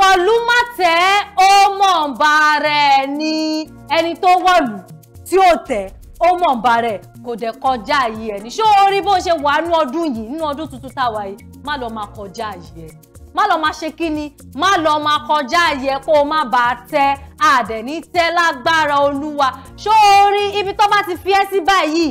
wọlú má tẹ́ ó mọ̀ ń ba rẹ̀ ni ẹni tó wọ̀lú tí ó tẹ̀ ó mọ̀ ń ba rẹ̀ kò dẹ̀ kọjá yìí ẹ̀ ní ṣó o rí bó ṣe wà nú ọdún yìí nínú ọdún tuntun táwa yìí má lọ máa kọjá yìí ẹ̀ má lọ máa ṣe kí ni má lọ máa kọjá yìí ẹ̀ kó o má bàa tẹ́ àdẹ̀ tẹ́ lágbára olúwa ṣó o rí ibi tó bá ti fi ẹ́ sí báyìí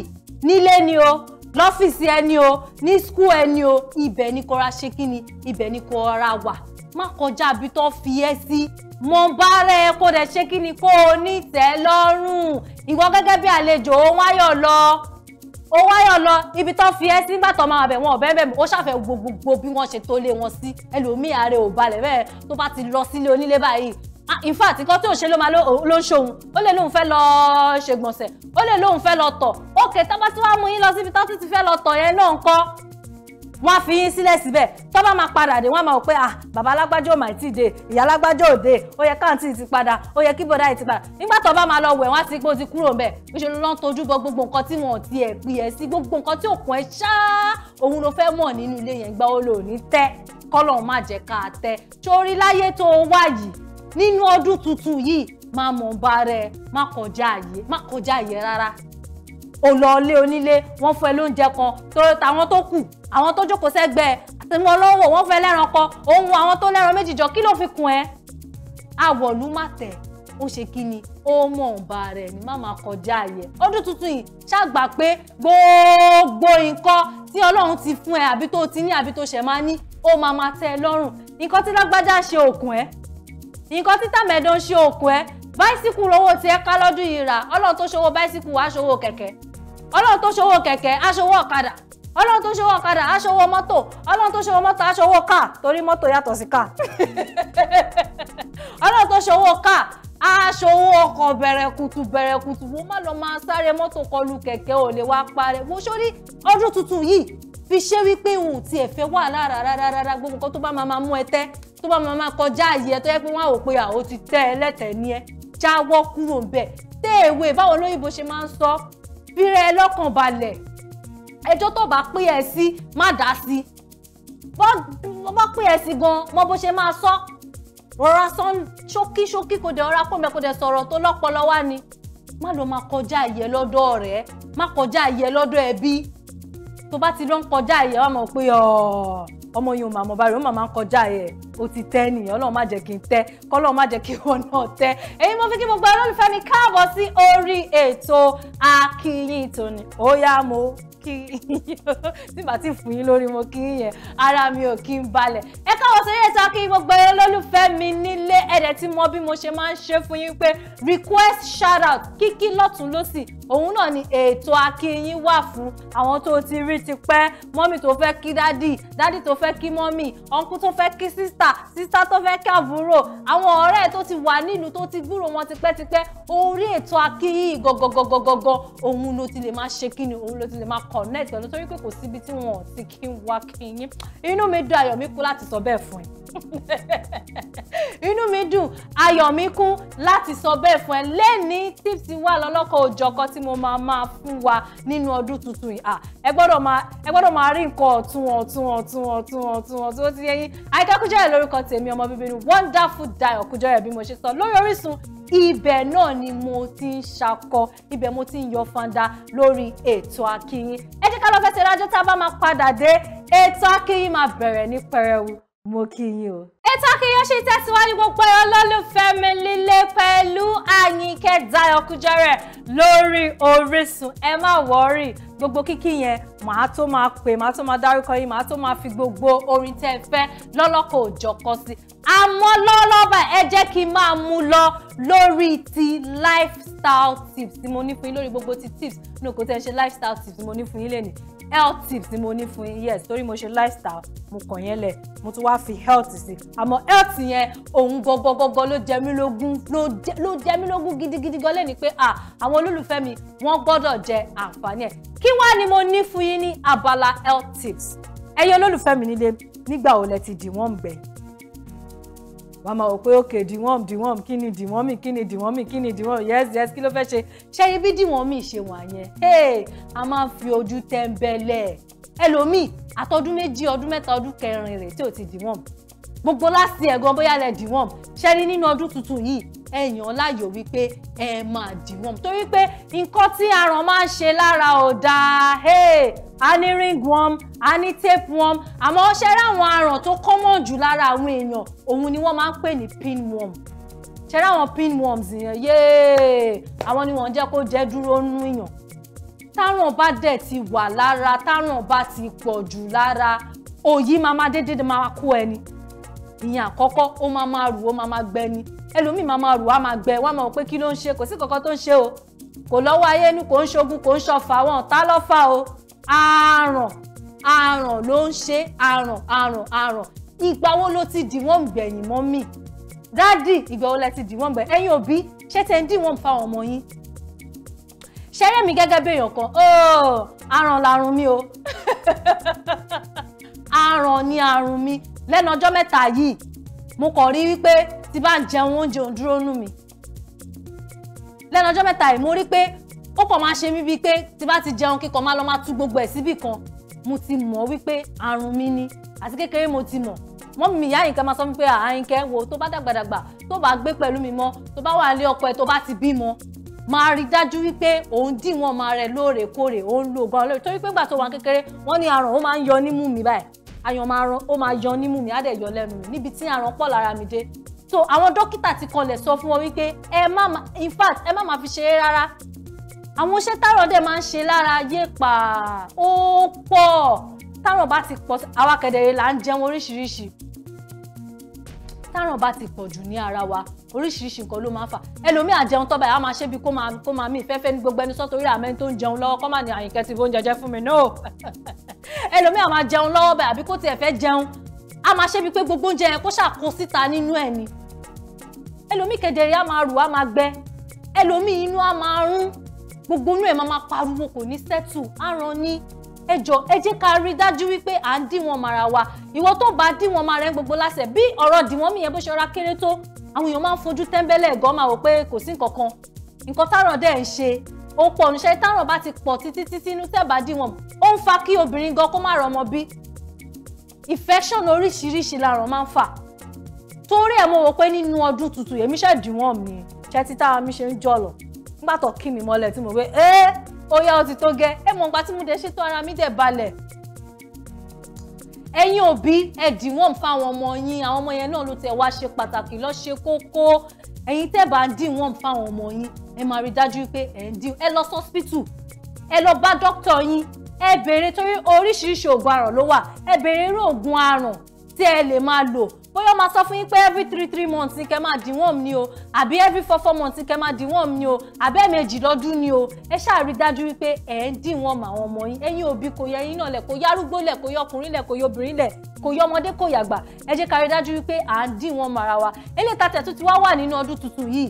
nílé ni o lọ́fíìsì ẹni o ní skul ẹni o ibẹ̀ ni kò ra ṣe kí ni ibẹ̀ ni kò ra wà má kọjá àbí tó fi ẹ sí mo bá rẹ kó dẹ ṣe kí ni kó o ní ìtẹ́ lọ́rùn ìwọ gẹ́gẹ́ bí àlejò ó wáyọ̀ lọ ó wáyọ̀ lọ ibi tó fi ẹ́ sí nígbà tó máa bẹ̀ wọn ọ̀bẹ́ bẹ̀ ó ṣàfẹ́ gbogbogbò bí wọ́n ṣe tó lé wọn sí ẹlòmíì ààrẹ ò balẹ̀ bẹ́ẹ̀ tó bá ti lọ sílé onílé báyìí in fact nǹkan tí ò ṣe ló máa ló ń ṣohun ó lè lóun fẹ́ lọ ṣègbọ̀nsẹ̀ ó lè lóun fẹ́ lọ tọ̀ ókè tábà tí wàá mú yín lọ síbi tó ti fẹ́ lọ tọ̀ yẹn náà ń kọ́ wọ́n á fi yín sílẹ̀ síbẹ̀ tó bá máa padà dé wọ́n máa wò ah bàbá alágbájọ́ ò máa ti dé ìyá alágbájọ́ ò dé ó yẹ káàntì ti padà ó yẹ kí bọ̀dá yìí ti padà nígbà tó bá máa lọ wẹ̀ wọ́n á ti pé ó ti kúrò ńbẹ̀ níṣẹ́ ló ń tojú bọ gbogbo nǹkan tí wọn ò tiẹ̀ pè ẹ́ sí gbogbo nǹkan tí òkun ẹ̀ ṣáá òun ló fẹ́ mọ̀ nínú ilé yẹn gbá ó ní tẹ́ kọ́lọ̀ má jẹ́ ká tẹ́ torí láyé tó wá yìí nínú ọdún tuntun yìí má mọ̀ bá rẹ̀ má kọjá àyè rárá o lọ ilé onílé wọ́n fún ẹ lóúnjẹ kan tó tàwọn tó kù àwọn tó jókòó sẹ́gbẹ́ àtẹmọ lọ́wọ́ wọ́n fẹ́ lẹ́ran kan òun àwọn tó lẹ́ran méjì jọ kí ló fi kún ẹ àwọ̀lú má tẹ̀ ó ṣe kí ni ó mọ̀ ọ̀ba rẹ̀ ní má máa kọjá ayẹ. ọdún tuntun yìí ṣàgbà pé gbogbo nǹkan tí ọlọ́run ti fún ẹ àbí tó ti ní àbí tó ṣẹ̀ máa ní ó máa máa tẹ́ ẹ lọ́rùn. nǹkan tí lágbájá ṣe òkun ẹ nǹkan tí tàmẹ̀dán ṣe òkun ẹ báísíkù lówó tiẹ̀ ká lọ́dún yìí rà ọlọ́run tó ṣòwò báísíkù wá ṣòwò kẹ̀kẹ́ ọlọ́run tó ṣòwò kẹ̀kẹ́ aṣòwò ọ̀kadà ọlọ́run tó ṣòwò ọ̀kadà aṣòwò mọ́tò ọlọ́run tó ṣòwò mọ́tò aṣòwò káà torí mọ́tò yàtọ̀ sí káà ọlọ́run tó ṣòwò káà aṣòwò ọkọ̀ bẹ̀rẹ̀ kùtù bẹ̀rẹ̀ kùtù wo má lọ máa sáré mọ́tò kọlu kẹ̀kẹ́ ò lè wá parẹ́ mo sórí ọdún tuntun yìí fi ṣe wípé òun ò tiẹ̀ fẹ́ wà lára rárá rárá gbogbo nǹkan tó bá máa máa mú ẹ tẹ́ tó bá máa máa kọjá àyè ẹ tó yẹ pé wọ́n á wò pé àwọn ti tẹ́ ẹ lẹ́tẹ̀ẹ́ ní ẹ jáwọ́ kúrò ń bẹ̀ tẹ́ èwe báwo lóyìnbó ṣe máa ń sọ fira ẹ lọ́kàn balẹ̀ ẹjọ́ tó bá pín ẹ sí má dá sí bọ́ pín ẹ sí gan mọ bó ṣe máa sọ rọra sọ ṣókí ṣókí kò dé ọ̀rá kó mẹ́ kó dé sọ̀rọ̀ tó lọ́pọlọ wá ni má lọ máa kọjá ìyẹ́ lọ́dọ̀ ọ̀rẹ́ má kọjá ìyẹ́ lọ́dọ̀ ẹbí tó bá ti lọ kọjá ìyẹ́ wà mọ̀ pé ọ̀ọ́ ọmọ yìí ò máa mọ báyìí ó máa máa kọjá ẹ̀ ó ti tẹ́ nìyẹn ọlọ́run má jẹ́ kí n tẹ́ kọ́lọ́run má jẹ́ kí wọn náà tẹ́ èyí mo fi kí gbogbo olólùfẹ́ mi káàbọ̀ sí orí ètò AkiiYin tòní ó yá mo kí yín nígbà tí fún yín lórí mo kí yín yẹn ara mi ò kí ń balẹ̀ ẹ káwọ́ sórí ètò akíyìn gbogbo ẹ lólùfẹ́ mi nílé ẹ̀dẹ̀ tí mo bí mo ṣe máa ń ṣe fún yín pé request shout out kíkí lọ́tún lọ́sì òun náà ni ètò akíyìn wà fún àwọn tó ti rí ti pẹ́ mọ́mì tó fẹ́ kí dádì dádì tó fẹ́ kí mọ́mì ọ̀nkú tó fẹ́ kí sísà sísà tó fẹ́ kí àbúrò àwọn ọ̀rẹ́ tó ti wà nílùú tó ti gbúrò wọn tipẹ́tipẹ́ orí ètò akíyìn gọ̀gọ̀gọ̀gọ̀gọ̀ òun ló ti lè máa ṣe kíni òun ló ti lè máa k connect pẹ̀lú torí pé kò síbi tí wọn ò ti kí n wá kí yín inú mi dùn ayọ̀ mi kú láti sọ bẹ́ẹ̀ fún ẹ inú mi dùn ayọ̀ mi kú láti sọ bẹ́ẹ̀ fún ẹ lẹ́ni tips wà lọ́lọ́kọ̀ òjọ̀kọ̀ tí mo máa máa fún wa nínú ọdún tuntun yìí ẹ gbọ́dọ̀ máa ẹ gbọ́dọ̀ máa rí nǹkan ọ̀tun ọ̀tun ọ̀tun ọ̀tun ọ̀tun ọ̀tun ó ti yẹ yín Àyìnkẹ́ Kújọrẹ̀ lórúkọ tèmi ọmọ bíbí ni wonderful Dayọ̀ Kújọrẹ̀ bí mo ṣe sọ lórí Orísun ibẹ̀ náà ni mo ti ń ṣakọ ibẹ̀ mo ti ń yọ fanda lórí ètò akínyìn ẹ jẹ́ ká lọ fẹsẹ̀ rájọ́ tá a bá máa padà dé ètò akínyìn máa bẹ̀rẹ̀ ní pẹrẹwu mo kí yín o. ètò akínyìn ṣì tẹ̀síwájú gbogbo ẹ̀ olólùfẹ́ mi líle pẹ̀lú Táyọ̀ Kújẹ́rẹ́ lórí Orísun ẹ má wọ́ọ̀rì gbogbo kíkí yẹn màá tó máa pè màá tó máa dárúkọ yín màá tó máa fi gbogbo orin tẹ́ ẹ fẹ́ lọ́lọ́kọ̀ òjọ̀kọ̀ sí àmọ́ lọ́lọ́ba ẹ jẹ́ kí n máa mú lọ lórí ti lifestyle tips tí mo ní fún yín lórí gbogbo ti tips ní òkú tẹ́ ẹ ṣe lifestyle tips tí mo ní fún yín lẹ́nìí health tips ni mo ní fún yín yes torí mo ṣe lifestyle mo kàn yẹn lẹ̀ mo tún wáá fi health sí àmọ́ health yẹn òun gọgọgọgọ ló jẹ mí lógún ló jẹ mí lógún gidigidi gan lẹ́ni pé à àwọn olólùfẹ́ mi wọ́n gbọ́dọ̀ jẹ àǹfààní ẹ̀ kí wá ni mo ní fún yín ní abala health tips ẹ̀yin olólùfẹ́ mi nílé nígbà wo lẹ ti dì wọ́n gbẹ̀yìn wà á máa wò pé òkè dìwọ́n dìwọ́n kí ni dìwọ́n mi kí ni dìwọ́n mi kí ni dìwọ́n yes yes kí ló fẹ́ ṣe ṣẹ́yìn bí dìwọ́n mi ṣe wà yẹn hey a máa ń fi ojú tẹ́ńbẹ́lẹ̀ ẹlòmíì àtọdún méjì ọdún mẹ́ta ọdún kẹrin rẹ̀ tí ò ti dìwọ́n gbogbo láti ẹ̀gàn bóyá lẹ dìwọ́n ṣẹ́ni nínú ọdún tuntun yìí ẹ̀yàn láyò wípé ẹ máa deworm torí pé nǹkan tí aràn máa ń ṣe lára ò dáa a ní ringworm a ní tapeworm àmọ́ ṣe rí àwọn aràn tó common jù lára àwọn èèyàn òun ni wọ́n máa ń pè ní pinworm ṣe rí àwọn pinworms yẹn yéé àwọn ni wọ́n jẹ́ kó jẹ́ dúró nú èèyàn táràn bá dẹ̀ ti wà lára táràn bá ti pọ̀ jù lára òyì máa máa déédéé máa kó ẹni ìyẹn àkọ́kọ́ ó máa máa rù ó máa máa gbẹ ni ẹlòmíì máa máa rù á máa gbẹ wọ́n á máa wò pé kí ló ń ṣe kò sí kankan tó ń ṣe o kò lọ́wọ́ ayé ni kò ń ṣogun kò ń ṣọ̀fà wọn ta lọ́fà o àrùn àrùn ló ń ṣe àrùn àrùn àrùn ìgbà wo ló ti dì wọ́n gbẹ̀yìn mọ́ mi dáàdì ìgbà wo lẹ ti dì wọ́n gbẹ̀yìn ẹ̀yin òbí ṣé tẹ̀ ń dì wọ́n fa ọmọ yín ṣẹ́rẹ́ mi gẹ́gẹ́ bí èèyàn kan àrùn làrùn mi o àrùn ni àrùn mi lẹ́nu ọjọ́ mẹ́ta yìí mo kàn rí wípé tí bá ń jẹun oúnjẹ ò ń dúró nù mí lẹ́nu ọjọ́ mẹ́ta yìí mo rí pé ó kàn máa ṣe mí bíi pé tí bá ti jẹun kíkan máa lọ máa tú gbogbo ẹ̀ síbì kan mo ti mọ̀ wípé àrùn mi ni àti kékeré mo ti mọ̀ mọ́mì mi ìyá Àyìnkẹ́ máa sọ fún pé Àyìnkẹ́ wo tó bá dàgbàdàgbà tó bá gbé pẹ̀lú mi mọ́ tó bá wà nílé ọkọ ẹ̀ tó bá ti bímọ máa rí dájú wípé òun díwọ̀n máa rẹ̀ lóòrèkóòrè òun lo ògbà olóòrè torí pé gbà tó wà kékeré wọ́n ní àrùn ó máa ń yọ nímú mi báyìí àyàn máa ran ó máa yan nímú mi á dẹ̀ yọ lẹ́nu mi níbi tí àrùn pọ̀ lára mi dé so àwọn dókítà ti kanlẹ̀ sọ fún wọn wípé ẹ má ma in fact ẹ má ma fi ṣeré rárá àwọn iṣẹ́ tárọ̀ dẹ̀ máa ń ṣe lára yépa ó pọ̀ tárọ̀ ti pọ̀ àwa kẹ̀dẹ̀rẹ̀ là ń jẹun oríṣiríṣi tárọ̀ bá ti pọ̀ jù ní ara wa oríṣiríṣi nǹkan ló máa fà ẹlòmíà jẹun tọ́ba yà máa ṣe bí kó máa mí ìfẹ́fẹ́ ní gbogbo ẹni sọ́ torí àmẹ́ tó ń jẹun lọ́wọ́ kọ́ máa ní àyìnkẹ́ ti fóúnjẹ jẹ fún mi no ẹlòmíà máa jẹun lọ́wọ́ bẹ́ẹ̀ àbí kó tiẹ̀ fẹ́ jẹun á máa ṣe bí pé gbogbo oúnjẹ yẹn kó ṣàkó síta nínú ẹ̀ ni ẹlòmíì kedere á máa rù á máa gbẹ ẹlòmíì inú á máa rún gbogbo inú ẹ̀ máa máa pariwo kò ní sẹ́tù á ran ní ẹ jọ ẹ jẹ́ ká rí dájú wípé à ń díwọ̀n mara wa ìwọ tó bá díwọ̀n mara ẹ gbogbo lásẹ̀ bí ọ̀rọ̀ díwọ̀n mi yẹn bó ṣe ra kéré tó àwọn èèyàn máa ń fojú tẹ́ńbẹ́lẹ̀ ẹ̀gọ́ máa wò pé kò sí nǹkan kan nǹkan tárọ̀ dẹ̀ ń ṣe ó pọ̀ níṣẹ́ tárọ̀ bá ti pọ̀ títí títí inú tẹ́ bá díwọ̀n ó ń fa kí obìnrin gan kó má rọmọ bí infection oríṣiríṣi làrùn máa ń fà torí ẹ̀ mo wò pé nínú ọdún tuntun èmi ṣe díwọ̀n mi ṣẹ́ títà mi ṣe ń jọ̀lọ̀ nígbà tó kí mi mọ́lẹ̀ tí mo wé ẹ́ Oya yá ó ti tó gẹ́ ẹ mọ̀ nípa tí mo dẹ̀ ṣètò ara mi dẹ̀ balẹ̀ ẹ̀yin òbí ẹ dìwọ̀n fáwọn ọmọ yín àwọn ọmọ yẹn náà ló tẹ wá ṣe pàtàkì lọ ṣe kókó ẹ̀yin tẹ́ bá ń dìwọ̀n fáwọn ọmọ yín ẹ máa rí dájú pé ẹ ń dín ẹ lọ sọ́spítù ẹ lọ bá dókítà yín ẹ béèrè torí oríṣiríṣi oògùn aràn ló wà ẹ béèrè irú oògùn aràn tí ẹ lè máa lò bóyá máa sọ fún yín pé every three three months ni kẹ́ máa díwọ̀n ni o àbí every four four months ni kẹ́ máa díwọ̀n ni o àbí ẹ̀ẹ̀mejì lọ́dún ni o ẹ ṣáà rí dájú wípé ẹ̀ ń díwọ̀n mọ àwọn ọmọ yín ẹ̀yin òbí kò yẹ ẹ̀yin náà lẹ̀ kò yá arúgbó lẹ̀ kò yọ ọkùnrin lẹ̀ kò yọ obìnrin lẹ̀ kò yọ ọmọdé kò yàgbà ẹ jẹ́ ká rí dájú wípé à ń díwọ̀n mara wa eléyìí tá tẹ̀tún ti wá wà nínú ọdún tuntun yìí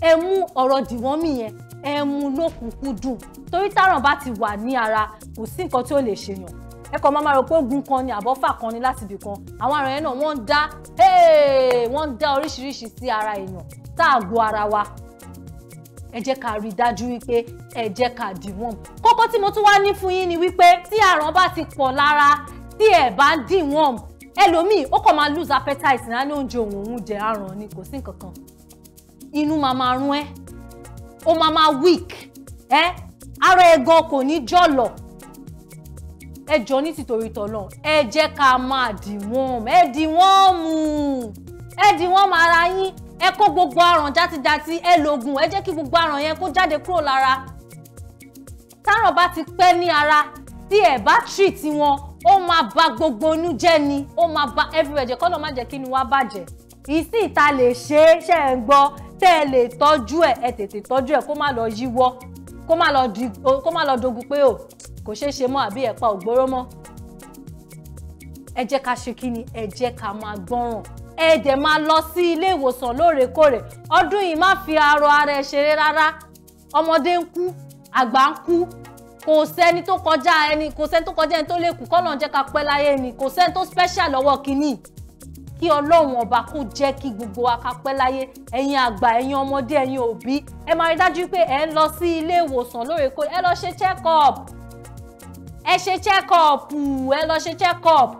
ẹ mú ọ̀rọ̀ dìwọ́n mì yẹn ẹ mú lókùnkúndùn torí táràn bá ti wà ní ara kò sí nǹkan tí ó lè ṣèyàn ẹ kọ́ máa máa rò pé ogun kan ni àbọ́fà kan ni láti ibì kan àwọn àrùn yẹn náà wọ́n ń dá wọ́n ń dá oríṣiríṣi sí ara èèyàn tá ara wa ẹ jẹ́ ká rí i dájú wípé ẹ jẹ́ ká dì wọ́n. kókó tí mo tún wá ní fún yín ni wípé tí àrùn bá ti pọ̀ lára tí ẹ̀ bá ń dì wọ́n ẹlòmíì ó kàn máa lose appetite náà ní oúnjẹ òun òun jẹ àrùn ni kò sí nǹkan kan inú máa máa rún ẹ ó máa máa weak ẹ ara ẹ gan kò ní jọ̀lọ̀ ẹ jọ ní tìtorí tọ̀nà ẹ jẹ́ ká máa dì wọ́n ẹ dì wọ́n mú ẹ dì wọ́n mọ ara yín ẹ kó gbogbo àrùn játijáti ẹ lògùn ẹ jẹ́ kí gbogbo àrùn yẹn kó jáde kúrò lára tárùn bá ti pẹ́ ní ara tí ẹ bá treat wọn ó máa ba gbogbo inú jẹ́ ni ó máa ba everywhere jẹ́ kọ́nà má jẹ́ kí ni wá bàjẹ́ ìsì ìta lè ṣe é ṣe é ń gbọ́ tẹ́ ẹ lè tọ́jú ẹ̀ ẹ tètè tọ́jú ẹ̀ kó má lọ yíwọ́ kó má lọ dogun pé o kò ṣeé ṣe mọ́ àbí ẹ̀pa ògbóró mọ́ ẹ jẹ́ ká ṣe kí ni ẹ jẹ́ ká máa gbọ́ràn ẹ dẹ̀ máa lọ sí ilé ìwòsàn lóòrèkóòrè ọdún yìí má fi arọ ara ẹ ṣeré rárá ọmọdé ń kú àgbà ń kú kò sẹ́ni tó kọjá ẹni kò sẹ́ni tó kọjá ẹni tó lè kú kọ́ jẹ́ ká pẹ́ láyé ni kò sẹ́ni tó special lọ́wọ́ kínní kí ọlọ́run ọba kó jẹ́ kí gbogbo wa ká pẹ́ láyé ẹ̀yin àgbà ẹ̀yin ọmọdé ẹ̀yin òbí ẹ máa rí dájú pé ẹ ń lọ sí ilé ìwòsàn lóòrèkóòrè ẹ lọ ṣe check up ẹ ṣe check up ẹ lọ ṣe check up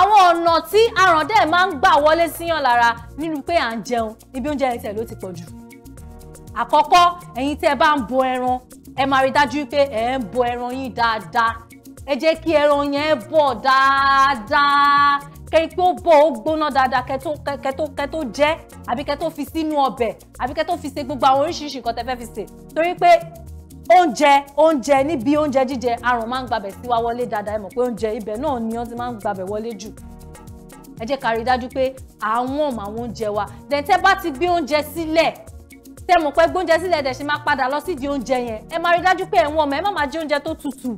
àwọn ọ̀nà tí aràn dẹ̀ máa ń gbà wọlé síyàn lára nínú pé à ń jẹun ibi oúnjẹ ẹ̀tẹ̀ ló ti pọ̀ jù àkọ́kọ́ ẹ̀yin tẹ́ ẹ bá ń bọ ẹran ẹ máa rí dájú pé ẹ ń bọ ẹran yín dáadáa ẹ jẹ́ kí ẹran yẹn bọ̀ dáadáa kẹ́yìn pé ó bọ̀ ó gbóná dáadáa kẹ́ tó jẹ àbí kẹ́ tó fi sínú ọbẹ̀ àbí kẹ́ tó fi ṣe gbogbo àwọn oríṣiríṣi nǹkan tẹ́ fẹ́ fi ṣe torí pé oúnjẹ oúnjẹ níbi oúnjẹ jíjẹ àrùn máa ń gbabẹ̀ sí wa wọlé dáadáa ẹ mọ̀ pé oúnjẹ ibẹ̀ náà ni wọ́n ti máa ń gbabẹ̀ wọlé jù ẹ jẹ́ ká rí i dájú pé àwọn ọmọ àwọn oúnjẹ wa dẹ̀ tẹ́ bá ti gbé oúnjẹ sílẹ̀ tẹ́ mọ̀ pé gbóúnjẹ sílẹ̀ dẹ̀ ṣe máa padà lọ sídìí oúnjẹ yẹn ẹ máa rí i dájú pé ẹ̀wọ̀n ọmọ ẹ má máa jẹ oúnjẹ tó tutù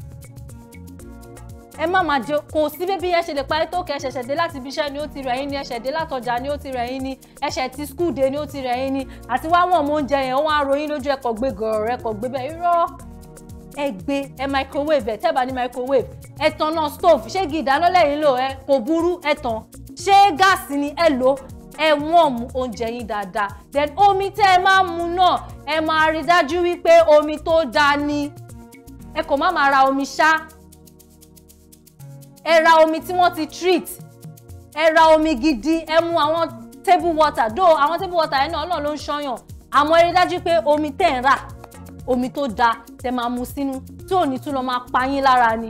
ẹ má máa jẹ kò sí bébí ẹ ṣe lè parí tó kẹ ẹ ṣẹ̀ṣẹ̀ dé láti ibi iṣẹ́ ni ó ti rẹ̀ yín ni ẹ ṣẹ̀ dé látọjà ni ó ti rẹ̀ yín ni ẹ ṣẹ̀ ti skul dé ni ó ti rẹ̀ yín ni àti wá wọn mọ oúnjẹ yẹn wọn á ròyìn lójú ẹkọ gbé gọ̀ọ̀rọ̀ ẹkọ gbé bẹ́ẹ̀ irọ́ ẹ gbé ẹ microwave ẹ tẹ́bà ní microwave ẹ tàn náà stove ṣé igi ìdáná lẹ́yìn lò ẹ kò burú ẹ tàn ṣé gáàsì ni ẹ lò ẹ wọ́n mu oúnjẹ yín dáadáa then omi tẹ́ ẹ máa mu náà ẹ máa rí dájú wípé omi tó dáa ni ẹ kò má máa ra omi ṣá ẹ ra omi tí wọ́n ti treat ẹ ra omi gidi ẹ mu àwọn table water dó àwọn table water yẹn náà ọlọ́run ló ń ṣọyàn àmọ́ ẹ rí dájú pé omi tẹ̀ ń rà omi tó da tẹ máa mu sínú tí ò ní tún lọ máa pa yín lára ni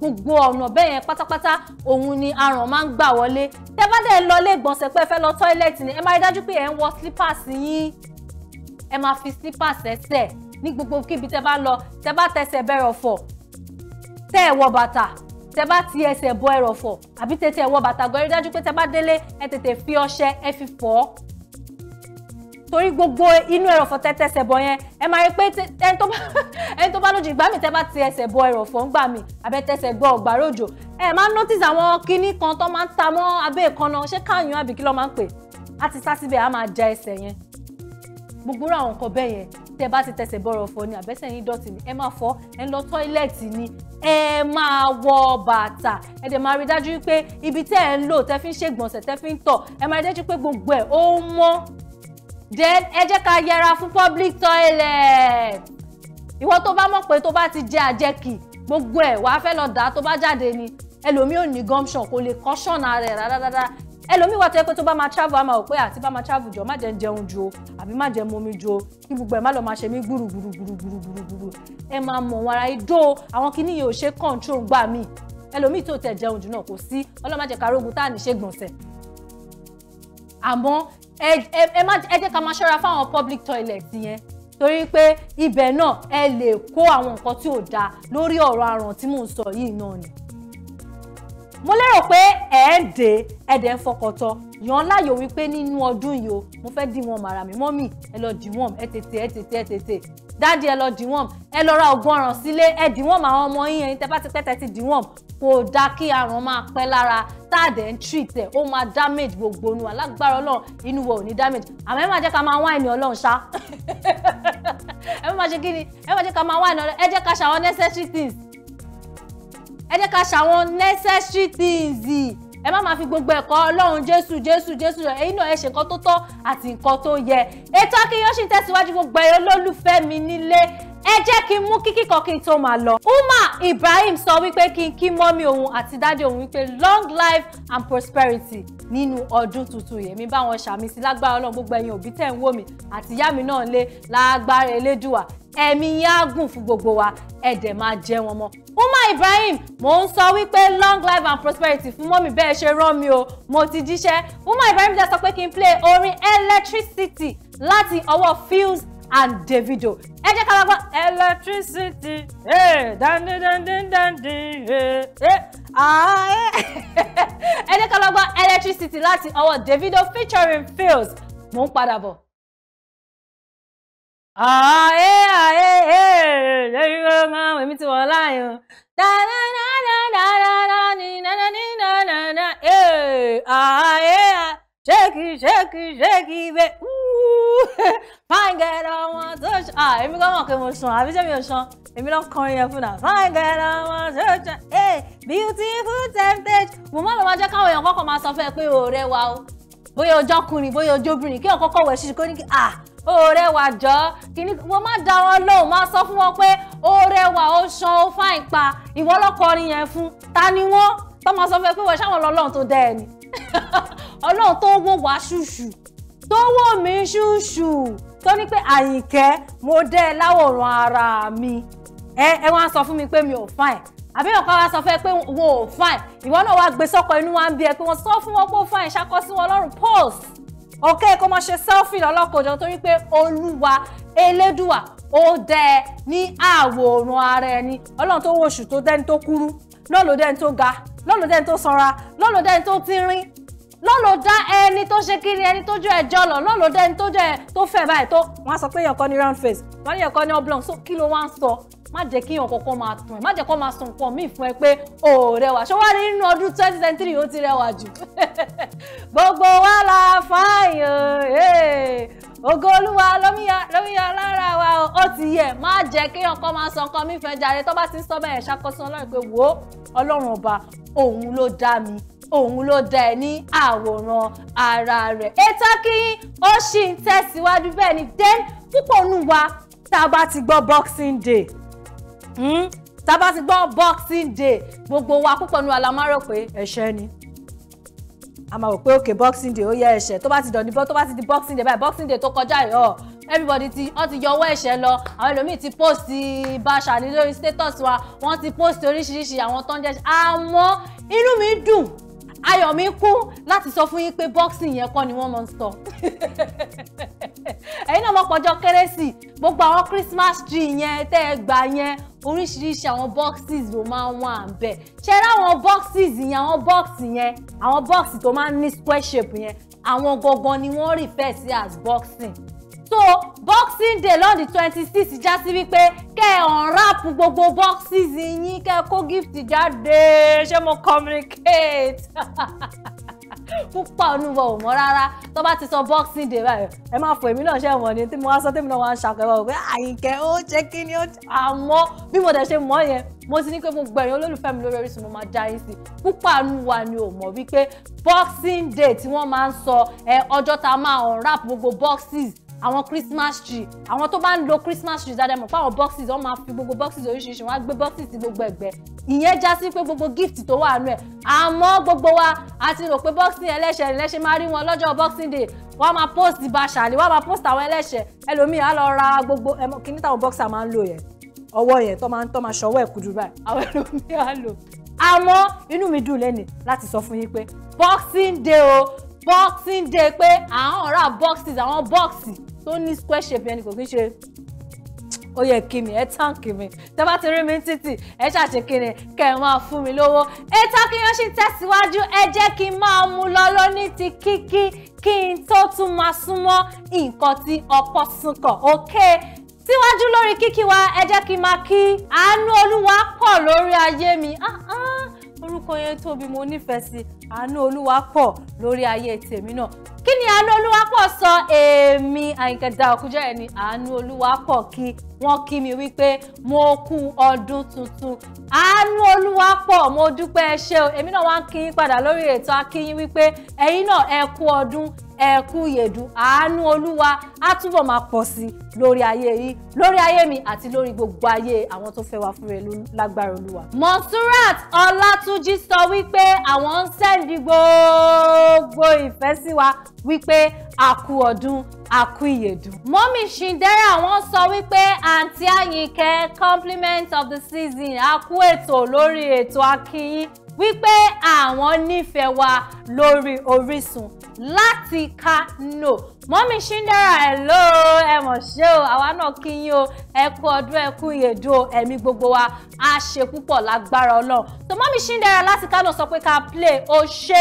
gbogbo ọ̀nà bẹ́ẹ̀ yẹn pátápátá òun ni aràn máa ń gbà wọlé tẹ bá dẹ̀ lọ lé ìgbọ̀nsẹ̀ pé ẹ fẹ́ lọ tọ́ílẹ̀tì ni ẹ máa rí dájú pé ẹ ń wọ slippers yín ẹ máa fi slippers ẹsẹ̀ ní gbogbo kíbi tẹ bá lọ tẹ bá tẹsẹ̀ bẹ̀rẹ̀ ọ̀fọ̀ tẹ́ ẹ wọ bàtà tẹ bá ti ẹsẹ̀ bọ ẹrọ̀fọ̀ àbí tètè wọ bàtà gan rí dájú pé tẹ bá délé ẹ tètè fi ọṣẹ ẹ fi fọ̀ ọ́ torí gbogbo inú ẹrọ̀fọ̀ tẹ tẹsẹ̀ bọ yẹn ẹ máa rí pé ẹni tó bá lójú ìgbà mi tẹ bá ti ẹsẹ̀ bọ ẹrọ̀fọ̀ ńgbà mi àbẹ tẹsẹ̀ gbọ́ ọ̀gbàrá òjò ẹ máa ń notice àwọn kinní kan tó máa ń ta mọ́ abẹ́ ìkànnà ṣé káàyàn àbí kí ló máa ń pè á ti sá síbẹ̀ á máa ja ẹsẹ̀ yẹn gbogbo àwọn nǹkan bẹ́ẹ̀ yẹn tẹ bá ti tẹsẹ̀ bọ̀rọ̀ fọ ni àbẹ́sẹ̀ yín dọ̀tí ni ẹ máa fọ ẹ lọ tọ́ílẹ̀tì ni ẹ máa wọ bàtà ẹ dẹ̀ máa rí dájú pé ibi tẹ́ ẹ ń lò tẹ́ fi ń ṣègbọ̀nsẹ̀ tẹ́ fi ń tọ̀ ẹ máa rí dájú pé gbogbo ẹ̀ ó mọ́ then ẹ jẹ́ ká yẹra fún public toilet ìwọ tó bá mọ̀ pé tó bá ti jẹ́ àjẹkì gbogbo ẹ̀ wàá fẹ́ lọ dà á tó bá jáde ni ẹlòmíì ò ní gumption kò lè caution ara rẹ̀ rárá ẹlòmíì wà tó yẹ pé tó bá máa travel á máa wò pé àti bá máa travel jọ má jẹ́ jẹun ju àbí má jẹ́ momi ju o kí gbogbo ẹ̀ má lọ máa ṣe mí gbùrùgbùrùgbùrùgbùrù ẹ máa mọ̀ wọn ara yìí dó àwọn kinní yìí ò ṣe control gbà mí ẹlòmíì tó tẹ̀ jẹun jù náà kò sí ọlọ́màjẹ̀ká rogun tá à ní ṣe gbọ̀nsẹ̀ àmọ́ ẹ jẹ́ ká máa ṣọ́ra fáwọn public toilet yẹn torí pé ibẹ̀ náà ẹ lè kó àwọn nǹkan tí ò dáa lórí ọ̀rọ̀ àrùn tí mò ń sọ yìí náà ni. mo lérò pé ẹ ń dé ẹ̀dẹ̀ ń fọkọtọ yàn láàyò wípé nínú ọdún yìí o mo fẹ́ dì wọ́n màrà mi mọ́mì ẹ lọ dì wọ́n ẹ tètè ẹ tètè ẹ tètè dáàdì ẹ lọ dì wọ́n ẹ lọ ra ọgbọ́nràn sílé ẹ dì wọ́n àwọn ọmọ yín ẹ̀yin tẹ́ bá ti pẹ́tẹ́ ti dì wọ́n kò dá kí àrùn máa pẹ́ lára táàdẹ̀ ń treat ẹ̀ ó máa damage gbogbo nu alágbára ọlọ́run inú wo ò ní damage àmọ́ ẹ má jẹ́ ká máa wá ẹni ọlọ́run ṣá ẹ má jẹ́ kí ni ẹ má jẹ́ ká máa wá ẹni ọlọ́run ẹ jẹ́ ká ṣàwọn necessary things ẹ jẹ́ ká ṣàwọn necessary things yìí ẹ má máa fi gbogbo ẹ̀kọ́ ọlọ́run jésù jésù jésù ẹ̀yin náà ẹ ṣe nǹkan tó tọ́ àti nǹkan tó yẹ ètò Akiiyan ṣì ń tẹ̀síwájú gbogbo ẹ̀yọ́ lólùfẹ́ mi nílé ẹ jẹ́ kí n mú kíkí kan kí n tó máa lọ. Uma Ibrahim sọ wípé kí n kí mọ́mí òun àti dádì òun wípé long life and prosperity nínú ọdún tuntun yẹn mi bá wọn ṣàmì sí lágbára Ọlọ́run gbogbo ẹ̀yin òbí tẹ̀ ń wò mí àti ìyá mi náà lé lágbára Elédùà ẹ̀mí yẹn fún gbogbo wa ẹ dẹ̀ máa jẹ wọn mọ́. Uma Ibrahim mò ń sọ wípé long life and prosperity fún mọ́mí bẹ́ẹ̀ ṣe rán mi o mo ti jíṣẹ́ Uma Ibrahim dẹ̀ sọ pé kí n play orin electricity láti ọwọ́ fuse and Davido ẹ jẹ́ ká lọ gbọ́ electricity dandindandindandin ah, eh. ẹ jẹ́ ká lọ gbọ́ electricity láti ọwọ́ Davido featuring Fields mò ń padà bọ̀. ààyè ààyè ẹ̀ lórí gbọ́ngàn àwọn èmi ti wọ̀ láàyè o. ààyè ààyè. Jackie, Jackie, shaky, baby. fine girl, I want to shine. Ah, èmi gan mọ̀ pé mo sùn, àbí sẹ́mi ò sùn. Èmi lọ kọrin yẹn fún náà. Fine girl, I want to shine. Eh, hey, beautiful temptation. Mo máa lọ máa jẹ́ káwọn èèyàn kọ́kọ́ máa sọ fún ẹ pé o rẹwà o. Bóyá ọjọ́kùnrin, bóyá ọjọ́bìnrin, kí ọkọ̀ kọ̀wé ṣíṣe kó ní kí ah o rẹwà jọ kìíní wọn má dá wọn lóhùn máa sọ fún wọn pé o rẹwà ó ṣan ó fáìn pa ìwọ lọkọrin yẹn fún ta ni wọn tọmọ sọ fún ẹ pé wọn ṣáwọn lọlọrun tó dá ẹ ni ọlọ́run tó wó wá ṣùṣù tó wó mi ṣùṣù tó ní pé àyìnkẹ́ mo dẹ́ ẹ láwòrán ara mi ẹ ẹ wọ́n á sọ fún mi pé mi ò fine àbí ọ̀kan wa sọ fẹ́ pé wọn ò fine ìwọ náà wá gbé sọ́kọ inú wa ń bí ẹ pé wọ́n sọ fún wọn pé ó fine ṣàkọ́ sí wọn lọ́rùn post ok kó máa ṣe selfie lọ́lọ́kọ̀ọ́jọ́ torí pé olúwa elédùà ó dẹ ní àwòrán ara ẹni ọlọ́run tó wọṣù tó dẹ́ni tó kúrú náà ló dẹ́ni tó ga lọ́nà dẹ́ni tó sanra lọ́nà dẹ́ni tó tínrín lọ́nà dá ẹni tó ṣe kiri ẹni tó jọ ẹjọ́ lọ lọ́nà dẹ́ni tó jẹ tó fẹ̀ báyìí tó wọ́n á sọ pé yọ̀kan ní round face wọ́n ní yọ̀kan ní oblong so kí ló wá ń sọ má jẹ́ kí èèyàn kọ̀ọ̀kan máa tún ẹ̀ má jẹ́ kó máa sùn nǹkan míì fún ẹ pé ò rẹwà ṣé wàá nínú ọdún twenty century ó ti rẹwà jù gbogbo wa la fáyọ̀ ògo olúwa lómíyá lómíyá lára wa ó ti yẹ má jẹ́ kéèyàn kọ́ máa sọ nǹkan mífẹ̀ẹ́ jàre tó bá ti ń sọ bẹ́ẹ̀ ṣàkóso ọlọ́run pé wò ó ọlọ́run ọba òun ló dá mi òun ló dá ẹ ní àwòrán ara rẹ̀ ètò kíyìn ó ṣì ń tẹ̀síwájú bẹ́ẹ̀ ni den púpọ̀ nù wa tá a bá ti gbọ́ boxing day hmm? tá a bá ti gbọ́ boxing day gbogbo wa púpọ̀ nù wa la máa rò pé ẹ̀ṣẹ̀ ni a máa wò pé okay boxing day ó yẹ ẹ̀ṣẹ̀ tó bá ti dọ̀ni bọ́ tó bá ti di boxing day báyìí boxing day tó kọjá yìí ọ̀ everybody ti wọ́n ti yọ owó ẹ̀ṣẹ̀ lọ àwọn ẹlòmíì ti post báṣà ní lórí status wa wọ́n ti post oríṣiríṣi àwọn tó ń jẹ́ àmọ́ inú mi dùn ayọ̀ mi kú láti sọ fún yín pé boxing yẹn kọ́ ni wọ́n máa ń sọ ẹ̀yin náà mọ̀ pọ̀jọ́ kérésì gbogbo àwọn christmas tree yẹn tẹ́ ẹ gbà yẹn oríṣiríṣi àwọn boxes ló máa ń wà ń bẹ̀ ṣe rá àwọn boxes yẹn àwọn box yẹn àwọn box tó máa ń ní square shape yẹn àwọn gangan ni wọ́n refer sí as boxing so boxing day lọ́ọ̀dì twenty six já sí wípé kẹ́ ẹ̀ unwrap gbogbo boxes yín kẹ́ ẹ kó gift jáde ṣé mo communicate púpọ̀ ọ̀nù wọ̀ ò mọ́ rárá tó bá ti sọ boxing day báyìí ẹ máa fọ èmi náà ṣe wọ̀n ni tí mo wá sọ tèmi náà wá ń ṣàkóso ẹ̀ pé àyìnkẹ́ ó jẹ́ kí ni ó àmọ́ bí mo dẹ̀ ṣe mọ̀ yẹn mo ti ní pé mo gbẹ̀yìn olólùfẹ́ mi lórí Orísun mo máa já yín sí púpọ̀ ọ̀nù wa ni ò mọ̀ wípé boxing day tí wọ́n máa ń sọ ẹ ọjọ́ tá a máa unwrap gbogbo boxes àwọn christmas tree àwọn tó bá ń lo christmas tree dáadáa mọ̀ pé boxes wọ́n máa fi gbogbo boxes oríṣiríṣi wọ́n á gbé boxes sí gbogbo ẹ̀gbẹ́ ìyẹn já sí pé gbogbo gift tó wà nù ẹ̀ àmọ́ gbogbo wa a ti rò pé boxing ẹlẹ́ṣẹ̀ ẹlẹ́ṣẹ̀ máa rí wọn lọ́jọ́ boxing day wọ́n á máa post ìbáṣà ni wọ́n máa post àwọn ẹlẹ́ṣẹ̀ ẹlòmíì á lọ ra gbogbo kíní táwọn boxer máa ń lò yẹn ọwọ́ yẹn tó máa ń tọ́ máa ṣọwọ́ ẹ̀kú dùbà àwọn ẹlòmíì á lò àmọ́ inú mi dùn lẹ́nìí láti sọ fún yín pé boxing day o boxes tó ní square shape yẹn ni kò kí ń ṣe ó yẹ kí mi ẹ tàǹkì mi tẹ bá ti rí mi títì ẹ ṣàṣe kí ni kẹ ẹ máa fún mi lówó ètò akíyan ṣì ń tẹ̀síwájú ẹ jẹ́ kí n máa mú lọ lóní ti kíkí kí n tó tún máa súnmọ́ nǹkan tí ọkọ sunkàn òkè síwájú lórí kíkí wa ẹ jẹ́ kí n máa kí àánú olúwa pọ̀ lórí ayé mi ah, ah, orúkọ yẹn tóbi mo nífẹ̀ẹ́ sí i àánú olúwa pọ̀ lórí ayé tèmi náà kí ni àánú olúwa pọ̀ sọ èmi Àyìnkẹ́ Dayọ̀ Kújẹ́rẹ́ ni àánú olúwa pọ̀ kí wọ́n kí mi wípé mo kú ọdún tuntun àánú olúwa pọ̀ mo dúpẹ́ ẹ ṣé o èmi náà wá ń kí yín padà lórí ètò akíyín wípé ẹ̀yin náà ẹ kú ọdún ẹ kú yèdùn àánú olúwa á túbọ̀ máa pọ̀ sí i lórí ayé yìí lórí ayé mi àti lórí gbogbo ayé àwọn tó fẹ́ wá fún rẹ lágbára olúwa. Monsurat Ọlátúnjí sọ wípé àwọn ń sẹ́ ń di gbogbo ìfẹ́ sí wa wípé a kú ọdún a kú ìyèdùn. mọ́mí ṣìndẹ́rà wọ́n sọ wípé àǹtí àyìnkẹ́ compliment of the season a kú ètò lórí ètò akínyìn wípé àwọn nífẹ̀ẹ́ wa lórí Orísun láti no mọ́mí ṣíndẹ́rà ẹ̀ ló ẹ mọ̀ ṣe o àwa náà kí yín o ẹ kú ọdún ẹ kú ìyèdò ẹ̀mí gbogbo wa á ṣe púpọ̀ lágbára ọlọ́run tó mọ́mí ṣíndẹ́rà láti kánò sọ pé ká play ó ṣe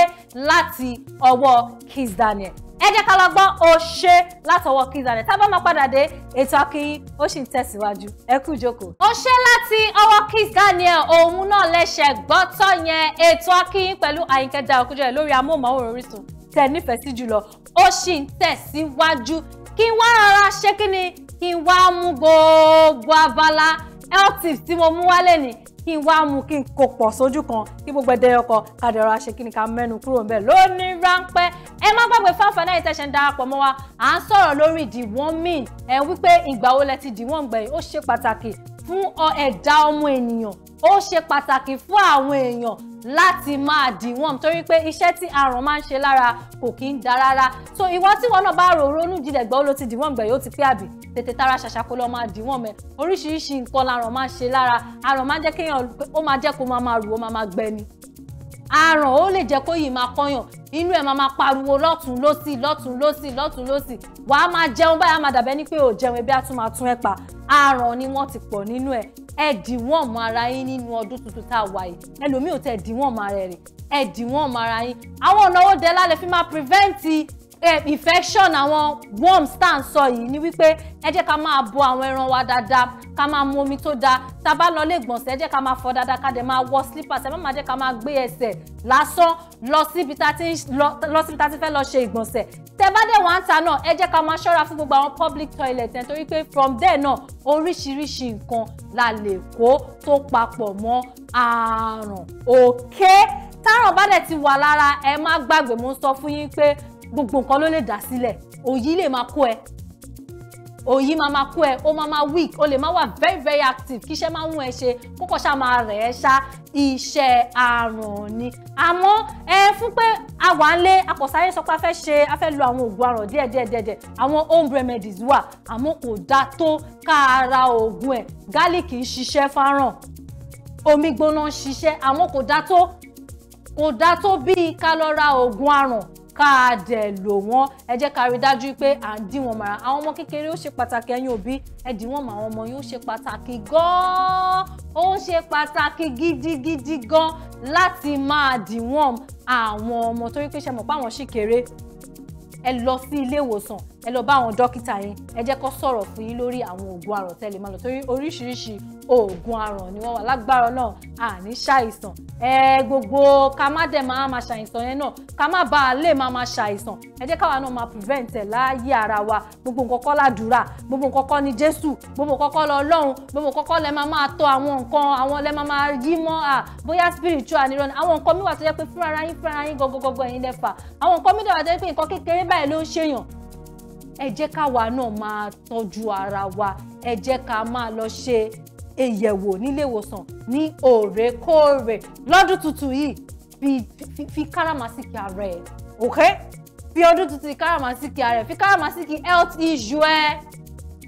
láti ọwọ́ Kiss Daniel ẹ jẹ́ ká lọ gbọ́ ó ṣe látọwọ́ Kiss Daniel tá a bá máa padà dé ètò akínyìn ó sì ń tẹ̀síwájú ẹ kú ìjókòó. ó ṣe láti ọwọ́ Kiss Daniel òun náà lẹ́sẹ̀ gbọ́tọ̀ yẹn ètò akínyìn pẹ̀lú Àyìnkẹ́ Dayọ̀ Kújọrẹ̀ lórí amóhùnmáwòrán Orísun tẹ nífẹ̀ẹ́ sí jùlọ ó sì ń tẹ̀síwájú kí n wá rárá ṣé kí ni kí n wá mú gbogbo abala health tips tí mo mú wálé ni kí n wá mú kí n kó pọ̀ sójú kan kí gbogbo ẹ̀dẹ̀ ọkọ̀ kàdẹ̀rọ̀ àṣekínì ká mẹ́nu kúrò ńbẹ̀ lónìí ráńpẹ́ ẹ má gbàgbé fáfáná yìí tẹ̀sẹ̀ ń darapọ̀ mọ́ wa à ń sọ̀rọ̀ lórí the one mean ẹ wípé ìgbà wo lẹ ti the one gbẹ̀yìn ó ṣe pàtàkì fún ẹ̀dá ọmọ ènìyàn ó ṣe pàtàkì fún àwọn èèyàn láti máa dì wọ́n torí pé iṣẹ́ tí aràn máa ń ṣe lára kò kí ń da rárá so ìwọ tí wọn náà bá rò ronú jinlẹ̀ gbọ́ ló ti dì wọ́n gbẹ̀ yóò ti pé àbí tètè tara ṣàṣà kó lọ́ọ́ máa dì wọ́n mẹ́ oríṣiríṣi nǹkan l'aràn máa ń ṣe lára aràn máa ń jẹ́ kéèyàn ó máa jẹ́ kó máa máa rù ó máa máa gbẹ ni aràn ó lè jẹ́ kó yìí máa kọyàn inú ẹ̀ máa máa pariwo lọ́tún lọ́sì lọ́tún lọ́sì lọ́tún lọ́sì wàá máa jẹun báyà máa dàbẹ́ ni pé ò jẹun ebi á tún máa tún ẹ pa aràn ni wọ́n ti pọ̀ nínú ẹ̀ ẹ dìwọ̀n mọ́ ara yín nínú ọdún tuntun tá a wà yìí ẹlòmíì ò tẹ dìwọ̀n mọ́ ara rẹ̀ ẹ dìwọ̀n mọ́ ara yín àwọn ọ̀nà ó dẹ lálẹ́ fi máa prevent Eh, infection àwọn worms tá à ń sọ yìí ni wípé ẹ jẹ́ ká máa bọ àwọn ẹran wa dáadáa ká máa mu omi tó dáa tá a bá lọ lé gbọ̀nsẹ̀ ẹ jẹ́ ká máa fọ dáadáa ká dẹ̀ máa wọ slippers ẹ má máa jẹ́ ká máa gbé ẹsẹ̀ lásán lọ síbi tá a ti fẹ́ lọ ṣe ìgbọ̀nsẹ̀ tẹ bá dẹ̀ wá ń ta náà ẹ jẹ́ ká máa ṣọ́ra fún gbogbo àwọn public toilet ẹ̀ torí pé from there náà oríṣiríṣi nǹkan la lè kó tó papọ̀ mọ́ àrùn òkè táràn bá dẹ̀ ti wà lára ẹ má gbàgbé mo ń sọ fún yín pé gbogbo nǹkan ló lè dá sílẹ̀ òyì lè máa kó ẹ òyì máa máa kó ẹ ó máa máa weak ó lè máa wà very very active kí iṣẹ́ máa ń wọ́n ẹ ṣe kókò ṣá máa rẹ̀ ẹ́ ṣá iṣẹ́ àrùn ni àmọ́ ẹ fún pé a wà ń lé akọ̀sáyé sọ pé a fẹ́ ṣe a fẹ́ lo àwọn oògùn àrùn díẹ̀ díẹ̀ díẹ̀ àwọn home remedies wà àmọ́ kò dáa tó ká ara oògùn ẹ̀ gálíkì ń ṣiṣẹ́ fáràn omi gbóná ń ṣiṣẹ́ àmọ́ kò dáa tó kò dáa tó bíi ká lọ ra oògùn àrùn ká a dẹ̀ lò wọ́n ẹ jẹ́ ká rí dájú pé à ń dín wọn mara àwọn ọmọ kékeré ó ṣe pàtàkì ẹ̀yin òbí ẹ dì wọ́n mọ àwọn ọmọ yín ó ṣe pàtàkì gan-an ó ṣe pàtàkì gidigidi gan láti máa dì wọ́n àwọn ọmọ torí pé ṣe mọ̀ pé àwọn ṣì kéré ẹ lọ sí ilé ìwòsàn ẹ lọ bá àwọn dókítà yín ẹ jẹ́ kó sọ̀rọ̀ fún yín lórí àwọn oògùn àrùn tẹ́lẹ̀ máa lò torí oríṣiríṣi oògùn àrùn ni wọ́n wà lágbára náà àní ṣàìsàn ẹ gbogbo ká má dẹ̀ máa máa ṣàìsàn yẹn náà ká má bá a lè máa máa ṣàìsàn ẹ jẹ́ káwa náà máa prevent ẹ̀ láàyè ara wa gbogbo nǹkan kọ́ ládùúrà gbogbo nǹkan kọ́ ni Jésù gbogbo nǹkan kọ́ lọ lọ́run gbogbo nǹkan kọ́ lẹ máa máa tọ àwọn nǹkan àwọn lẹ máa máa yí mọ́ à bóyá spiritual nìrọ̀ ni àwọn nǹkan mi wà tó jẹ́ pé fúnra ara yín fúnra ara yín gọgọgọgọ ẹ̀yin lẹ fà àwọn nǹkan mi dẹ̀ wà tó jẹ́ pé nǹkan kékeré báyìí ló ń ṣèyàn ẹ jẹ́ káwa náà máa tọ́jú ara wa ẹ jẹ́ ká máa lọ ṣe ìyẹ̀wò nílé ìwòsàn ní òrèkóòrè lọ́dún tuntun yìí fi fi fi káràmásìkì ara ẹ̀ okay fi ọdún tuntun káràmásìkì ara ẹ̀ fi káràmásìkì health issue ẹ̀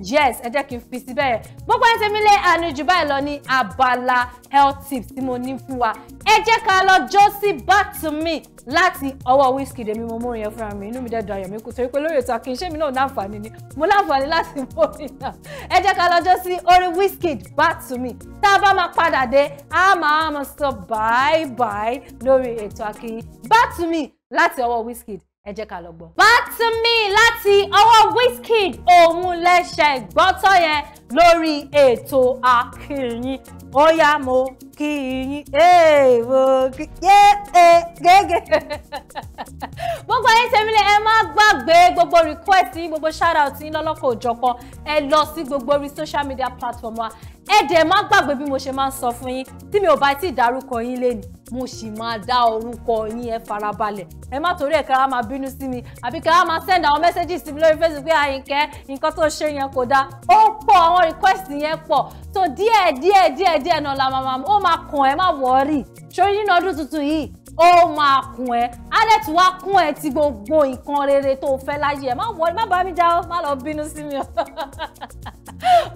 yes ẹ jẹ́ kí n fi síbẹ̀ yẹn gbogbo ẹ̀ tèmi lé àánú jù báyìí lọ ní abala health tips tí mo ní fún wa ẹ jẹ́ ká lọ jó back to me láti ọwọ́ Wizkid èmi mo mú yẹn fúnra mi inú mi dẹ́dọ̀ ayọ̀ mi kù torí pé lórí ètò àkínṣe mi náà láǹfààní ni mo láǹfààní láti mú mi náà ẹ jẹ́ ká lọ jó orí Wizkid back to me tá a bá máa padà dé a máa máa sọ bye bye lórí ètò àkínṣe back to me láti ọwọ́ Wizkid ẹ jẹ́ ká lọ gbọ́. back to me láti ọwọ́ Wizkid òun lẹ́sẹ̀ gbọ́tọ̀ yẹn lórí ètò akínyìn ó yá mo kí yín èèwò kí yé e gẹ́gẹ́. gbogbo ayé tẹ̀mílẹ̀ ẹ má gbàgbé gbogbo request yín gbogbo shout out yín lọ́lọ́kọ̀ òjọ̀kan ẹ lọ sí gbogbo orí social media platform wa ẹ dẹ̀ má gbàgbé bí mo ṣe máa ń sọ fún yín tí mi ò bá ti dárúkọ yín lénìí mo sì máa dá orúkọ yín ẹ farabalẹ̀ ẹ má torí ẹ̀ kára máa bínú sí mi àbí kára máa send àwọn mẹ́sẹ́gì sí mi lórí Facebook pé àyìnkẹ́ nǹkan tó ṣe yẹn kò dáa ó pọ̀ àwọn request yẹn pọ̀ so díẹ̀ díẹ̀ díẹ̀ díẹ̀ náà la máa ó máa kàn ẹ́ má wọ́ọ̀rì ṣorí nínú ọdún tuntun yìí ó máa kún ẹ alex wá kún ẹ ti gbogbo nǹkan rere tó fẹ́ láyé ẹ má wọlé má bá mi já ọ má lọ bínú sí mi o.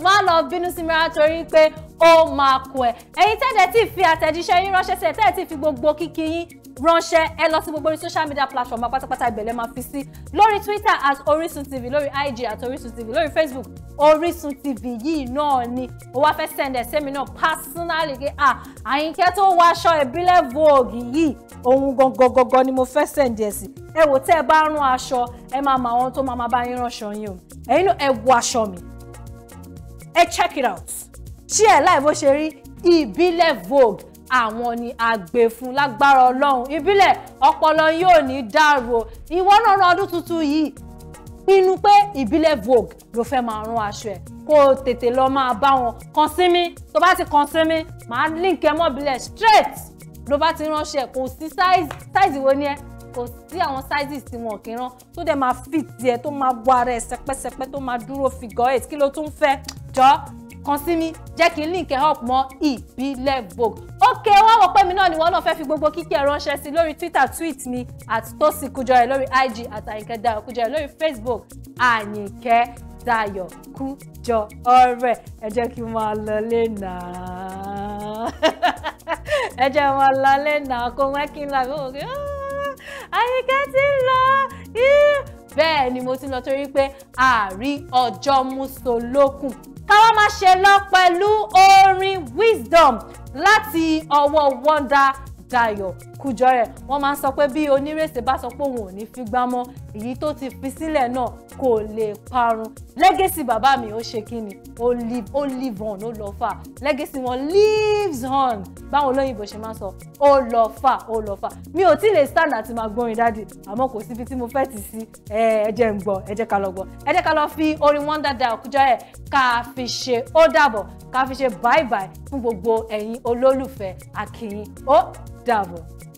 má lọ bínú sí mi rárá torí pé ó máa kọ ẹ ẹ̀yin tẹ́tẹ́ tí fi àtẹ̀jíṣẹ́ yín ránṣẹ́ sí ẹ tẹ́tẹ́ tí fi gbogbo kíkí yín ránṣẹ́ ẹ lọ sí gbogbo orí social media platform pátápátá ìbẹ̀lẹ̀ máa fi sí lórí Twitter at Orisun TV lórí IG at Orisun TV lórí Facebook Orisun TV yìí náà ni ó wá fẹ́ send ẹ̀ sẹ́mi náà personally pé à àyìnkẹ́ tó wáṣọ ìbílẹ̀ Vogue yìí ohun gangan gangan ni mo fẹ́ send ẹ̀ sí ẹ wò tẹ́ ẹ bá rán aṣọ ẹ máa mọ àwọn tó máa máa bá yín ránṣọ yín o ẹ̀yin náà ẹ wo aṣọ mi ẹ check it out ṣí ẹ láì bó ṣe rí ìbílẹ̀ vogue àwọn ni àgbè fún lágbára ọlọ́run ìbílẹ̀ ọpọlọ yóò ní dàrú ìwọ náà ran ọdún tuntun yìí pinnu pé ìbílẹ̀ vogue ló fẹ́ máa rán aṣọ ẹ̀ kó o tètè lọ máa bá wọn kàn sí mi tó bá ti kàn sí mi màá link ẹ mọ́ ìbílẹ̀ straight ló bá ti ránṣẹ́ kò sí size size wo ni ẹ kò sí àwọn sizes tí wọn kì tó dẹ̀ máa fit tiẹ̀ tó máa wọ ara ẹ̀ tó máa dúró figure eight kí ló tún fẹ́ jọ kan sí mi jẹ́ kí link ẹ̀ up ìbílẹ̀ vogue ok wọ́n wọ pé mi náà ni wọ́n náà fẹ́ fi gbogbo kíkẹ́ ránṣẹ́ sí lórí twitter tweet mi at tosi kujore lórí ig at àyìnkẹ́ dayo kujore lórí facebook àyìnkẹ́ dayo kujore ẹ jẹ́ kí n máa lọ lẹ́nà ẹ jẹ́ máa lọ lẹ́nà kó wẹ́kí ńlá mi ò àyíká ti ń lọ bẹ́ẹ̀ ni mo ti lọ torí pé àárí ọjọ́ musolókun káwá má ṣe lọ pẹ̀lú orin wisdom láti ọwọ́ wonder Dayọ̀ Kújọrẹ̀ wọ́n máa ń sọ pé bí onírèsè bá sọ pé òun ò ní fi gbá mọ́ èyí tó ti fi sílẹ̀ náà kò lè parun legacy, bàbá mi ó ṣe kí ni ó live ó live on ó lọ fà lẹ́gẹ̀sì wọn lives on báwọn olóyìnbó ṣe máa sọ ó lọ fà ó lọ fà mi ò tí lè stand àti máa gbórin dáàdì àmọ́ kò síbi tí mo fẹ́ ti sí ẹ jẹ́ ń gbọ́ ẹ jẹ́ ká lọ gbọ́ ẹ jẹ́ ká lọ fi orin wonder dial Kujore ká fi ṣe ó dàbọ̀ ká fi ṣe bye bye fún gbogbo ẹ̀yin olólùfẹ́ akínyìn ó dàbọ̀.